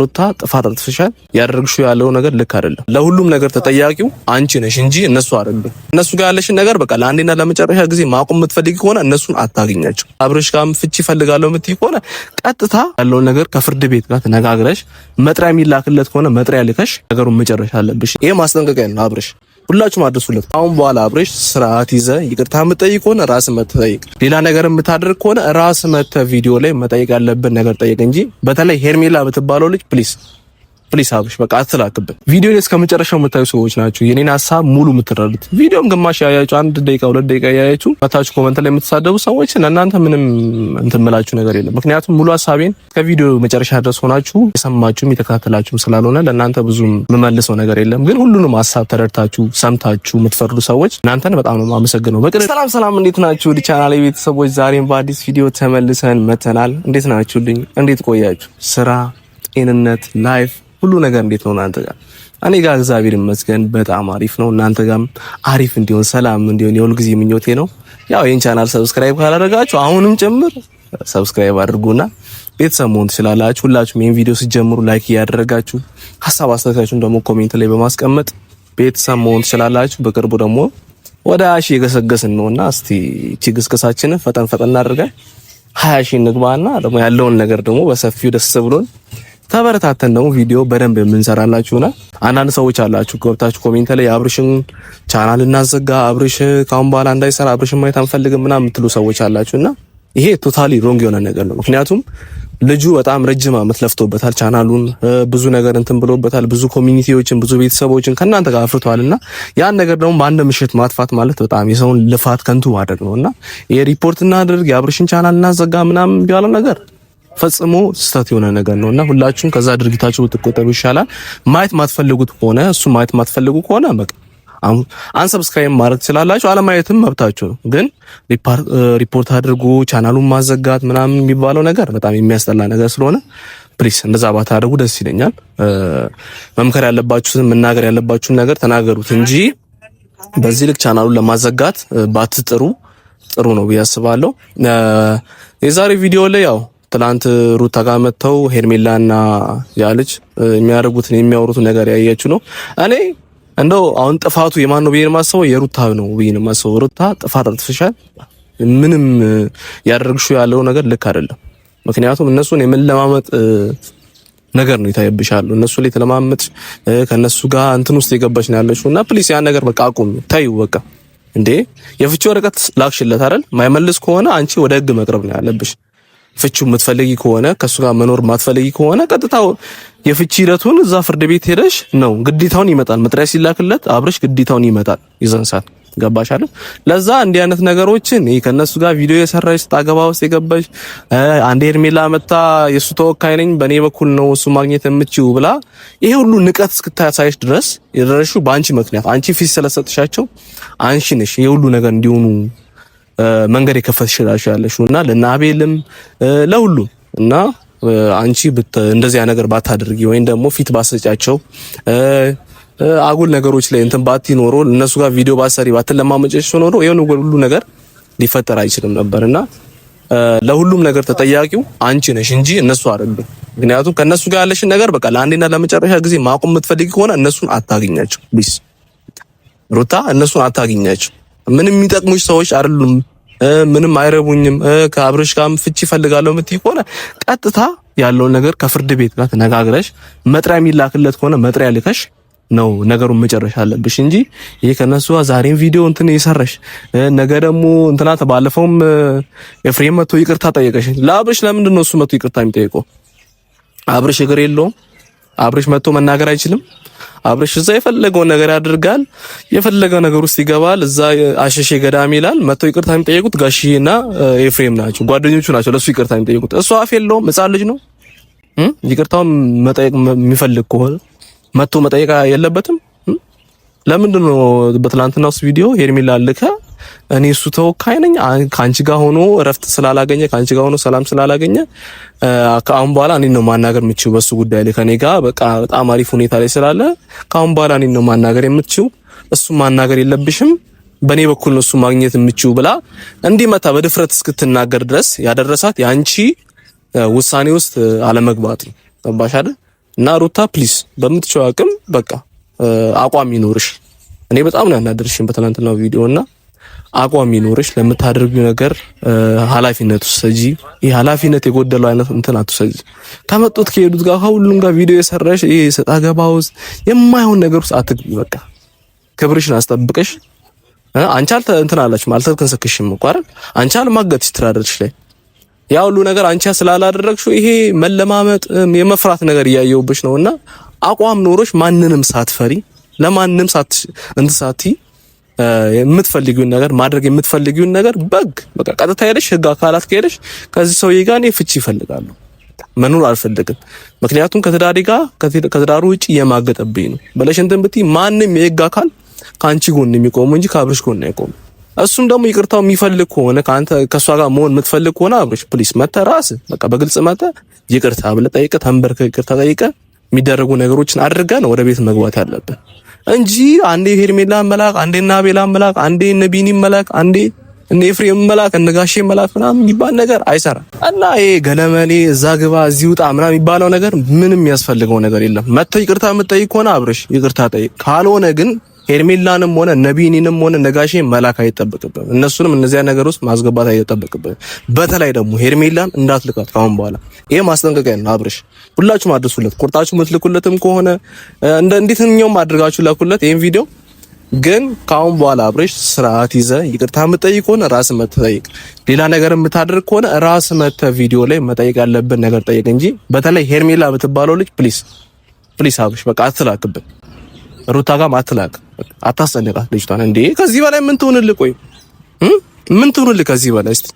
ሩታ ጥፋት አጥፍሻል። ያደረግሽው ያለው ነገር ልክ አይደለም። ለሁሉም ነገር ተጠያቂው አንቺ ነሽ እንጂ እነሱ አይደሉም። እነሱ ጋር ያለሽን ነገር በቃ ለአንዴና ለመጨረሻ ጊዜ ማቆም የምትፈልጊ ከሆነ እነሱን አታገኛቸው። አብረሽ ጋርም ፍቺ እፈልጋለሁ የምትይ ከሆነ ቀጥታ ያለውን ነገር ከፍርድ ቤት ጋር ተነጋግረሽ መጥሪያ የሚላክለት ከሆነ መጥሪያ ልከሽ ነገሩን መጨረሻ አለብሽ። ይሄ ማስጠንቀቂያ ነው አብረሽ ሁላችሁም አድርሱለት። አሁን በኋላ አብሬሽ ስርዓት ይዘ ይቅርታ የምጠይቅ ከሆነ ራስ መተ ሌላ ነገር የምታደርግ ከሆነ ራስ መተ ቪዲዮ ላይ መጠየቅ ያለብን ነገር ጠይቅ እንጂ በተለይ ሄርሜላ የምትባለው ልጅ ፕሊስ ፕሊስ አብሽ በቃ አትላክብን። ቪዲዮ ላይ እስከ መጨረሻው የምታዩ ሰዎች ናቸው የኔን ሀሳብ ሙሉ የምትረዱት። ቪዲዮም ግማሽ ያያችሁ አንድ ደቂቃ ሁለት ደቂቃ ያያችሁ መታችሁ ኮመንት ላይ የምትሳደቡ ሰዎች ለእናንተ ምንም እንትምላችሁ ነገር የለም። ምክንያቱም ሙሉ ሀሳቤን ከቪዲዮ መጨረሻ ድረስ ሆናችሁ የሰማችሁም የተከታተላችሁም ስላልሆነ ለእናንተ ብዙም የምመልሰው ነገር የለም። ግን ሁሉንም ሀሳብ ተረድታችሁ ሰምታችሁ የምትፈርዱ ሰዎች እናንተን በጣም ነው የማመሰግነው። ሰላም ሰላም፣ እንዴት ናችሁ? ቻና ቤተሰቦች ዛሬም በአዲስ ቪዲዮ ተመልሰን መተናል። እንዴት ናችሁልኝ? እንዴት ቆያችሁ? ስራ፣ ጤንነት፣ ላይፍ ሁሉ ነገር እንዴት ነው እናንተ ጋር? እኔ ጋር እግዚአብሔር ይመስገን በጣም አሪፍ ነው። እናንተ ጋርም አሪፍ እንዲሆን ሰላም እንዲሆን የሁል ጊዜ ምኞቴ ነው። ያው ይህን ቻናል ሰብስክራይብ ካላደረጋችሁ አሁንም ጭምር ሰብስክራይብ አድርጉና ቤተሰብ መሆን ትችላላችሁ። ሁላችሁም ይህን ቪዲዮ ስትጀምሩ ላይክ እያደረጋችሁ ሀሳብ አስተያየታችሁን ደግሞ ኮሜንት ላይ በማስቀመጥ ቤተሰብ መሆን ትችላላችሁ። በቅርቡ ደግሞ ወደ ሀያ ሺህ የገሰገስን ነውና እስቲ እቺ ግስግሳችንን ፈጠን ፈጠን አድርገን ሀያ ሺህ እንግባና ደግሞ ያለውን ነገር ደግሞ በሰፊው ደስ ብሎን ተበረታተን ደግሞ ቪዲዮ በደንብ ነው። አንዳንድ ሰዎች አላችሁ ገብታችሁ ኮሜንት ላይ አብርሽን ቻናል እናዘጋ፣ አብርሽ ካሁን በኋላ እንዳይሰራ፣ አብርሽን ማየት አንፈልግም ምናምን የምትሉ ሰዎች አላችሁና ይሄ ቶታሊ ሮንግ የሆነ ነገር ነው። ምክንያቱም ልጁ በጣም ረጅም ዓመት ለፍቶበታል። ቻናሉን ብዙ ነገር እንትን ብሎበታል። ብዙ ኮሚኒቲዎችን፣ ብዙ ቤተሰቦችን ከእናንተ ጋር እና ያን ነገር ደግሞ በአንድ ምሽት ማጥፋት ማለት በጣም የሰውን ልፋት ከንቱ ማድረግ ነውና ይሄ ሪፖርት እናደርግ የአብርሽን ቻናል እናዘጋ ምናምን ቢያለው ነገር ፈጽሞ ስህተት የሆነ ነገር ነው እና ሁላችሁም ከዛ ድርጊታችሁ ብትቆጠቡ ይሻላል። ማየት ማትፈልጉት ከሆነ እሱ ማየት ማትፈልጉ ከሆነ በቃ አንሰብስክራይብ ማድረግ ትችላላችሁ። አለማየትም መብታችሁ ነው። ግን ሪፖርት አድርጉ ቻናሉን ማዘጋት ምናምን የሚባለው ነገር በጣም የሚያስጠላ ነገር ስለሆነ ፕሊስ እንደዛ ባታደርጉ ደስ ይለኛል። መምከር ያለባችሁትን መናገር ያለባችሁን ነገር ተናገሩት እንጂ በዚህ ልክ ቻናሉን ለማዘጋት ባትጥሩ ጥሩ ነው ብዬ አስባለሁ። የዛሬ ቪዲዮ ላይ ያው ትላንት ሩታ ጋር መጥተው ሄርሜላና ያ ልጅ የሚያደርጉትን የሚያወሩትን ነገር ያያችሁ ነው። እኔ እንደው አሁን ጥፋቱ የማን ነው ብዬ የማስበው የሩታ ነው ብዬ የማስበው። ሩታ ጥፋት አጥፍሻል። ምንም ያደረግሽው ያለው ነገር ልክ አይደለም። ምክንያቱም እነሱን የምንለማመጥ ነገር ነው ይታይብሻሉ። እነሱ ላይ ተለማመጥሽ ከነሱ ጋር እንትን ውስጥ የገባሽ ነው ያለሽው እና ፕሊስ ያን ነገር በቃ አቁም፣ ታዩ በቃ እንዴ የፍቺ ወረቀት ላክሽለት አይደል? ማይመልስ ከሆነ አንቺ ወደ ህግ መቅረብ ነው ያለብሽ። ፍቹ የምትፈልጊ ከሆነ ከሱ ጋር መኖር የማትፈልጊ ከሆነ ቀጥታ የፍቺ ሂደቱን እዛ ፍርድ ቤት ሄደሽ ነው። ግዴታውን ይመጣል። መጥሪያ ሲላክለት አብረሽ ግዴታውን ይመጣል። ይዘንሳት ገባሽ አይደል? ለዛ እንዲህ አይነት ነገሮችን ይሄ ከነሱ ጋር ቪዲዮ የሰራሽ ጣገባ ውስጥ የገባሽ አንድ ሄርሜላ መታ የሱ ተወካይ ነኝ በኔ በኩል ነው እሱ ማግኘት የምትችው ብላ ይሄ ሁሉ ንቀት እስክታሳይሽ ድረስ የደረሹ በአንቺ ምክንያት አንቺ ፊት ስለሰጥሻቸው አንቺ ነሽ ይሄ ሁሉ ነገር እንዲሆኑ መንገድ የከፈትሽላቸው ያለሽው እና ለናቤልም ለሁሉም እና አንቺ እንደዚያ ነገር ባታደርጊ ወይም ደግሞ ፊት ባሰጫቸው አጉል ነገሮች ላይ እንትን ባቲ ኖሮ እነሱ ጋር ቪዲዮ ባሰሪ ባትለማመጨሽ ኖሮ የሆነ ሁሉ ነገር ሊፈጠር አይችልም ነበርና ለሁሉም ነገር ተጠያቂው አንቺ ነሽ እንጂ እነሱ አይደሉም። ምክንያቱም ከነሱ ጋር ያለሽን ነገር በቃ ለአንዴና ለመጨረሻ ጊዜ ማቆም የምትፈልጊ ከሆነ እነሱን አታገኛቸው። ሩታ፣ እነሱን አታገኛቸው። ምንም የሚጠቅሙሽ ሰዎች አይደሉም። ምንም አይረቡኝም ከአብረሽ ጋርም ፍቺ ፈልጋለሁ የምትይ ከሆነ ቀጥታ ያለውን ነገር ከፍርድ ቤት ጋር ተነጋግረሽ መጥሪያ የሚላክለት ከሆነ መጥሪያ ልከሽ ነው ነገሩን መጨረሻ አለብሽ እንጂ ይሄ ከነሱ ዛሬም ቪዲዮ እንትን የሰራሽ ነገ ደግሞ እንትና ተባለፈውም ኤፍሬም መቶ ይቅርታ ጠየቀሽ። ለአብርሽ ለምንድን ነው እሱ መቶ ይቅርታ የሚጠይቀው? አብርሽ እግር የለውም። አብርሽ መቶ መናገር አይችልም። አብርሽ እዛ የፈለገው ነገር ያደርጋል፣ የፈለገው ነገር ውስጥ ይገባል። እዛ አሸሼ ገዳም ይላል። መጥተው ይቅርታ የሚጠየቁት ጋሽና ኤፍሬም ናቸው፣ ጓደኞቹ ናቸው። ለሱ ይቅርታ የሚጠየቁት እሱ አፍ የለውም፣ ሕፃን ልጅ ነው። ይቅርታውን መጠየቅ የሚፈልግ ከሆነ መጥቶ መጠየቅ የለበትም። ለምንድን ነው በትላንትናውስ ቪዲዮ ሄርሜላ ልከህ እኔ እሱ ተወካይ ነኝ። ከአንቺ ጋር ሆኖ እረፍት ስላላገኘ ከአንቺ ጋር ሆኖ ሰላም ስላላገኘ ከአሁን በኋላ እኔ ነው ማናገር የምችው በሱ ጉዳይ ላይ ከኔ ጋር በቃ በጣም አሪፍ ሁኔታ ላይ ስላለ ከአሁን በኋላ እኔ ነው ማናገር የምችው እሱ ማናገር የለብሽም በእኔ በኩል ነው እሱ ማግኘት የምችው ብላ እንዲመታ በድፍረት እስክትናገር ድረስ ያደረሳት የአንቺ ውሳኔ ውስጥ አለመግባት ነው። ገባሽ አይደል? እና ሩታ ፕሊስ በምትችው አቅም በቃ አቋም ይኖርሽ። እኔ በጣም ነው ያናደርሽኝ በትናንትናው ቪዲዮ እና አቋም ይኖርሽ፣ ለምታደርጊው ነገር ኃላፊነት ውሰጂ። ይህ ኃላፊነት የጎደለው አይነት እንትን አትውሰጂ። ከመጡት ከሄዱት ጋር ከሁሉም ጋር ቪዲዮ የሰራሽ ይሄ ሰጣ ገባ ውስጥ የማይሆን ነገር ውስጥ አትግቢ። በቃ ክብርሽን አስጠብቀሽ አንቺ አልተ እንትን አላችሁ ማለት አልተንሰክሽም እኮ አይደል? አንቺ አልማገጥሽ ትራደርሽ ላይ ያ ሁሉ ነገር አንቺ ስላላደረግሽው ይሄ መለማመጥ የመፍራት ነገር እያየሁብሽ ነውና አቋም ኖሮሽ ማንንም ሳትፈሪ ለማንም ሳት እንትን ሳትይ የምትፈልጊውን ነገር ማድረግ የምትፈልጊውን ነገር በግ በቃ ቀጥታ ሄደሽ ህግ አካላት ከሄደሽ ከዚህ ሰውዬ ጋር እኔ ፍቺ ይፈልጋሉ መኖር አልፈልግም፣ ምክንያቱም ከትዳሪ ጋር ከትዳሩ ውጭ የማገጠብኝ ነው ብለሽ እንትን ብትይ ማንም የህግ አካል ከአንቺ ጎን የሚቆሙ እንጂ ከአብርሽ ጎን አይቆሙ። እሱም ደግሞ ይቅርታው የሚፈልግ ከሆነ ከአንተ ከእሷ ጋር መሆን የምትፈልግ ከሆነ አብርሽ ፕሊስ መተ ራስ በቃ በግልጽ መተ ይቅርታ ብለህ ጠይቀህ ተንበርከህ ይቅርታ ጠይቀህ የሚደረጉ ነገሮችን አድርገህ ነው ወደ ቤት መግባት ያለብን። እንጂ አንዴ ሄርሜላ መላክ፣ አንዴ ናቤላ መላክ፣ አንዴ ነቢኒ መላክ፣ አንዴ እነ ኤፍሬም መላክ፣ እነ ጋሼ መላክ ምናምን የሚባል ነገር አይሰራም። እና ይሄ ገለመሌ እዛ ግባ እዚህ ውጣ ምናምን የሚባለው ነገር ምንም የሚያስፈልገው ነገር የለም። መጥተህ ይቅርታ የምትጠይቅ ከሆነ አብረሽ ይቅርታ ጠይቅ። ካልሆነ ግን ሄርሜላንም ሆነ ነቢኒንም ሆነ ነጋሼ መላክ አይጠበቅብም። እነሱንም እነዚያ ነገር ውስጥ ማስገባት አይጠበቅብም። በተለይ ደግሞ ሄርሜላን እንዳትልቃት ካሁን በኋላ ይሄ ማስጠንቀቂያ ነው። አብርሽ ሁላችሁም አድርሱለት። ቁርጣችሁ ምትልኩለትም ከሆነ እንደ እንዴትኛውም አድርጋችሁ ላኩለት ይሄን ቪዲዮ። ግን ከአሁን በኋላ አብርሽ ስርዓት ይዘ ይቅርታ የምትጠይቅ ከሆነ ራስ መተህ ሌላ ነገር የምታደርግ ከሆነ ራስ መተ ቪዲዮ ላይ መጠየቅ ያለብን ነገር ጠይቅ እንጂ በተለይ ሄርሜላ የምትባለው ልጅ ፕሊስ ፕሊስ አብርሽ በቃ አትላክብን። ሩታ ጋር ማትላክ አታስጠንቃት ልጅቷን። እንዴ ከዚህ በላይ ምን ትሆንልህ? ቆይ ምን ትሆንልህ ከዚህ በላይ? እስቲ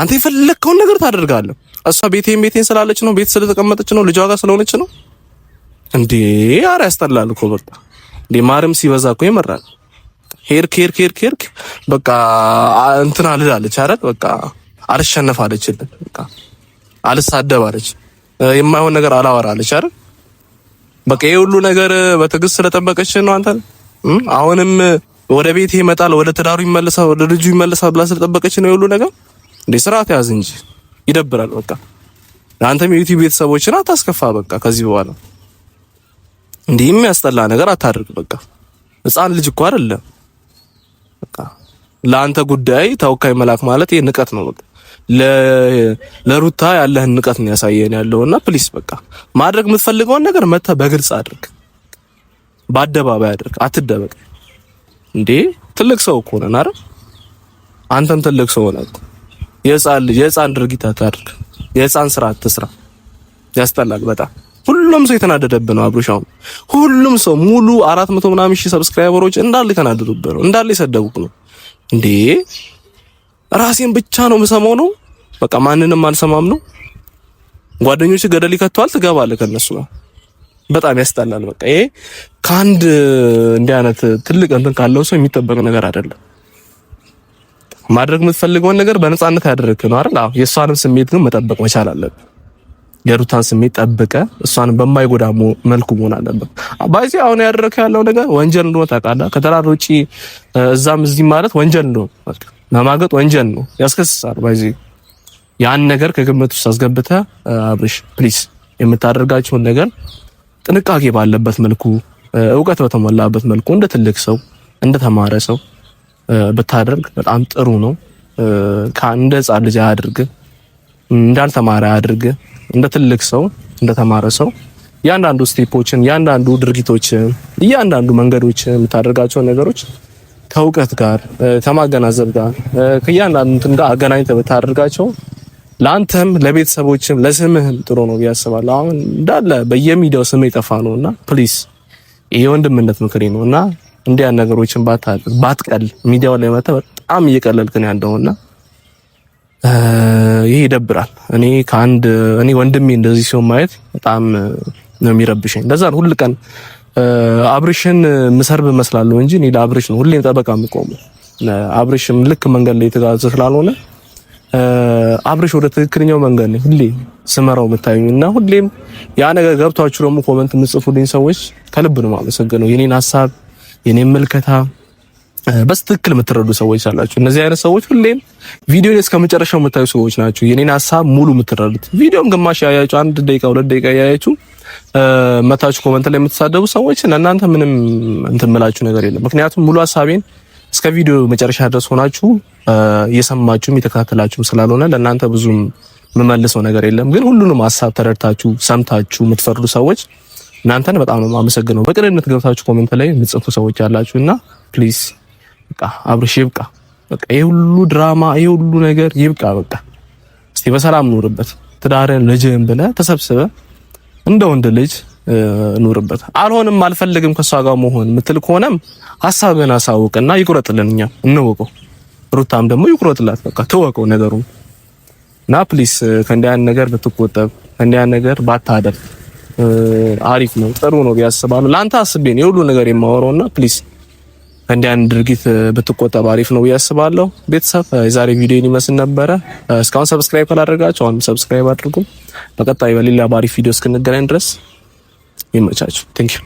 አንተ የፈለግከውን ነገር ታደርጋለህ። እሷ ቤቴን ቤቴን ስላለች ነው፣ ቤት ስለተቀመጠች ነው፣ ልጇ ጋር ስለሆነች ነው። እንዴ አረ ያስጠላል እኮ በቃ እንዴ ማርም ሲበዛ እኮ ይመራል። ሄድክ ሄድክ ሄድክ ሄድክ በቃ እንትና ልላለች። ኧረ በቃ አልሸነፍ አለችልን፣ በቃ አልሳደብ አለች፣ የማይሆን ነገር አላወራ አለች። በቃ ይሄ ሁሉ ነገር በትዕግስት ስለጠበቀች ነው አንተ አሁንም ወደ ቤት ይመጣል፣ ወደ ትዳሩ ይመለሳል፣ ወደ ልጁ ይመለሳል ብላ ስለጠበቀች ነው የሁሉ ነገር እንዴ ስርዓት ያዝ እንጂ ይደብራል። በቃ ለአንተም የዩቲዩብ ቤተሰቦችን አታስከፋ። በቃ ከዚህ በኋላ እንዲህ የሚያስጠላ ነገር አታድርግ። በቃ ህፃን ልጅ እኮ አይደለም። በቃ ለአንተ ጉዳይ ተወካይ መላክ ማለት ይሄ ንቀት ነው። በቃ ለሩታ ያለህን ንቀት ነው ያሳየን ያለውና ፕሊስ በቃ ማድረግ የምትፈልገውን ነገር መተህ በግልጽ አድርግ፣ በአደባባይ አድርግ፣ አትደበቅ። እንዴ ትልቅ ሰው እኮ ነን አይደል? አንተም ትልቅ ሰው ነህ። የህፃን ልጅ የህፃን ድርጊት አታድርግ። የህፃን ስራ አትስራ። ያስጠላል በጣም ሁሉም ሰው የተናደደብህ ነው አብሮሻው ሁሉም ሰው ሙሉ አራት መቶ ምናምን ሺህ ሰብስክራይበሮች እንዳለ የተናደዱብህ ነው፣ እንዳለ የሰደቡህ ነው። እንዴ ራሴን ብቻ ነው የምሰማው ነው፣ በቃ ማንንም አልሰማም ነው። ጓደኞች ገደል ይከተዋል፣ ትገባለህ ከነሱ ነው። በጣም ያስጠላል። በቃ ይሄ ከአንድ እንዲህ አይነት ትልቅ እንትን ካለው ሰው የሚጠበቅ ነገር አይደለም። ማድረግ የምትፈልገውን ነገር በነፃነት ያደረግክ ነው አይደል? አዎ። የእሷንም ስሜት ግን መጠበቅ መቻል አለብን። የሩታን ስሜት ጠብቀ እሷን በማይጎዳ መልኩ መሆን አለበት። ባይዚ አሁን ያደረክ ያለው ነገር ወንጀል እንደሆነ ታውቃለህ። ከተራር ውጪ እዛም እዚህ ማለት ወንጀል እንደሆነ መማገጥ ወንጀል ነው፣ ያስከስሳል። ባይዚ ያን ነገር ከግምት ውስጥ አስገብተ አብርሽ ፕሊስ የምታደርጋቸውን ነገር ጥንቃቄ ባለበት መልኩ እውቀት በተሞላበት መልኩ እንደ ትልቅ ሰው እንደ ተማረ ሰው ብታደርግ በጣም ጥሩ ነው። እንደ ሕፃን ልጅ አያድርግ፣ እንዳልተማረ አድርግ እንደ ትልቅ ሰው እንደተማረ ሰው እያንዳንዱ ስቴፖችን፣ እያንዳንዱ ድርጊቶችን፣ እያንዳንዱ መንገዶች የምታደርጋቸው ነገሮች ከእውቀት ጋር ከማገናዘብ ጋር ከእያንዳንዱ እንትን ጋር አገናኝተህ ብታደርጋቸው ለአንተም ለቤተሰቦችም ለስምህም ጥሩ ነው ብዬ አስባለሁ። አሁን እንዳለ በየሚዲያው ስም የጠፋ ነው እና ፕሊስ ይሄ ወንድምነት ምክሬ ነው እና እንዲያን ነገሮችን ባትቀል ሚዲያው ላይ መተህ በጣም እየቀለልክን ያለውና ይሄ ይደብራል። እኔ ከአንድ እኔ ወንድሜ እንደዚህ ሲሆን ማየት በጣም ነው የሚረብሸኝ። ለዛ ነው ሁል ቀን አብርሽን ምሰርብ መስላለሁ እንጂ እኔ ለአብርሽ ነው ሁሌም ጠበቃ የምቆመው። አብርሽም ልክ መንገድ ላይ የተጋዘ ስላልሆነ አብርሽ ወደ ትክክለኛው መንገድ ነው ሁሌ ስመራው የምታዩኝ እና ሁሌም ያ ነገር ገብቷችሁ ደግሞ ኮመንት የምጽፉልኝ ሰዎች ከልብ ነው የማመሰግነው የኔን ሀሳብ የኔ ምልከታ በስትክክል የምትረዱ ሰዎች አላችሁ። እነዚህ አይነት ሰዎች ሁሌም ቪዲዮ እስከ መጨረሻው የምታዩ ሰዎች ናችሁ። የኔን ሀሳብ ሙሉ የምትረዱት ቪዲዮም ግማሽ ያያችሁ አንድ ደቂቃ ሁለት ደቂቃ ያያችሁ መታችሁ ኮመንት ላይ የምትሳደቡ ሰዎች እናንተ ምንም እንትምላችሁ ነገር የለም። ምክንያቱም ሙሉ ሀሳቤን እስከ ቪዲዮ መጨረሻ ድረስ ሆናችሁ እየሰማችሁም እየተከታተላችሁም ስላልሆነ ለእናንተ ብዙም የምመልሰው ነገር የለም። ግን ሁሉንም ሀሳብ ተረድታችሁ ሰምታችሁ የምትፈርዱ ሰዎች እናንተን በጣም ነው የማመሰግነው። በቅንነት ገብታችሁ ኮሜንት ላይ የምጽፉ ሰዎች ያላችሁ እና ፕሊዝ በቃ አብርሽ ይብቃ። በቃ ይሄ ሁሉ ድራማ ይሄ ሁሉ ነገር ይብቃ። በቃ እስቲ በሰላም ኑርበት። ትዳርን ልጅን ብለህ ተሰብስበህ እንደ ወንድ ልጅ ኑርበት። አልሆንም አልፈልግም ከሷ ጋር መሆን የምትል ከሆነም ሀሳብህን አሳውቅና ይቁረጥልን፣ እኛ እንወቀው። ሩታም ደግሞ ይቁረጥላት፣ በቃ ትወቀው ነገሩ እና ፕሊስ ከእንዲያን ነገር ብትቆጠብ ከእንዲያን ነገር ባታደርግ አሪፍ ነው፣ ጥሩ ነው ያስባሉ። ለአንተ አስቤ ነው የሁሉ ነገር የማወራውና ፕሊስ እንዲህ አንድ ድርጊት ብትቆጠብ አሪፍ ነው ያስባለሁ። ቤተሰብ የዛሬ ቪዲዮን ይመስል ነበረ። እስካሁን ሰብስክራይብ ካላደረጋችሁ አሁንም ሰብስክራይብ አድርጉ። በቀጣይ በሌላ በአሪፍ ቪዲዮ እስክንገናኝ ድረስ ይመቻችሁ። ቴንክ ዩ